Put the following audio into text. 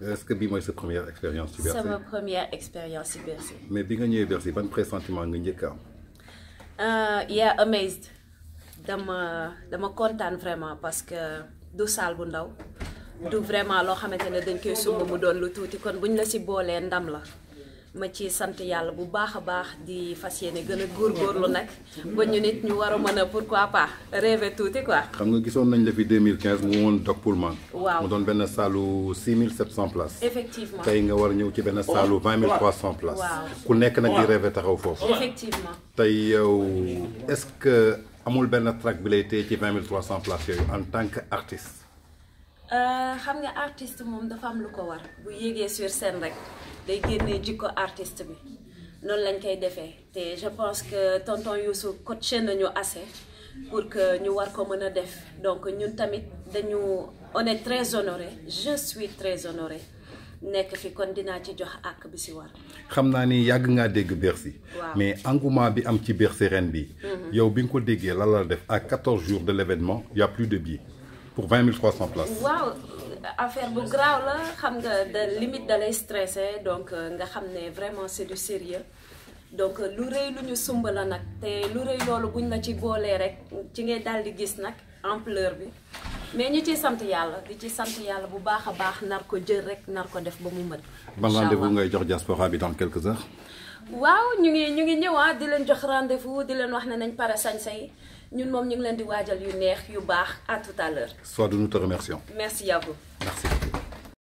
est-ce que bii mooy sa première expérience ci C'est ma première expérience ci Bercy. mais bi nga ñëwee Bercy ban pressentiment nga njëkk a am. yeah amazed dama dama kontaan vraiment parce que du saal bu ndaw du vraiment loo xamante ne dañ koy sumb mu doon lu tuuti kon buñ la ci boolee ndam la ma ci sante yàlla bu baax baax a ñu nit pourquoi pas rêver 2015 Pullman. mu 6700 places. effectivement tey nga war oh. places. ku nekk di rêver effectivement est-ce que amul track bi places en tant qu'artiste? Euh, xam nga artiste moom dafa am lu ko war bu yéegee sur scène rek day génnee jikko artiste bi noonu lañ koy defee te je pense que tonton Youssou coaché nañu assez pour que ñu war ko mën a def donc ñun tamit dañu on est très honoré je suis très honoré nekk fi kon dinaa ci jox ak bi si war. xam naa ni yàgg ngaa dégg Bercy. mais engouement bi am ci Bercy ren bi mhm. yow bi nga ko déggee la la def à 14 jours de l' événement y' a plus de billets pour 20 300 places. Wow, affaire bu grave. la xam de limite donc euh, nga vraiment c'est du sérieux donc euh, lu buñ la ci rek ci ngay gis ampleur bi mais ñu ci sante Yalla, di ci bu baax nar ko jël rek nar ko def ba mu vous ngay diaspora dans quelques heures waaw ñu ngi ñu ngi ñëwaa di rendez-vous di leen wax ñun moom ñu ngi à tout à l'heure soit nous te remercions merci à vous merci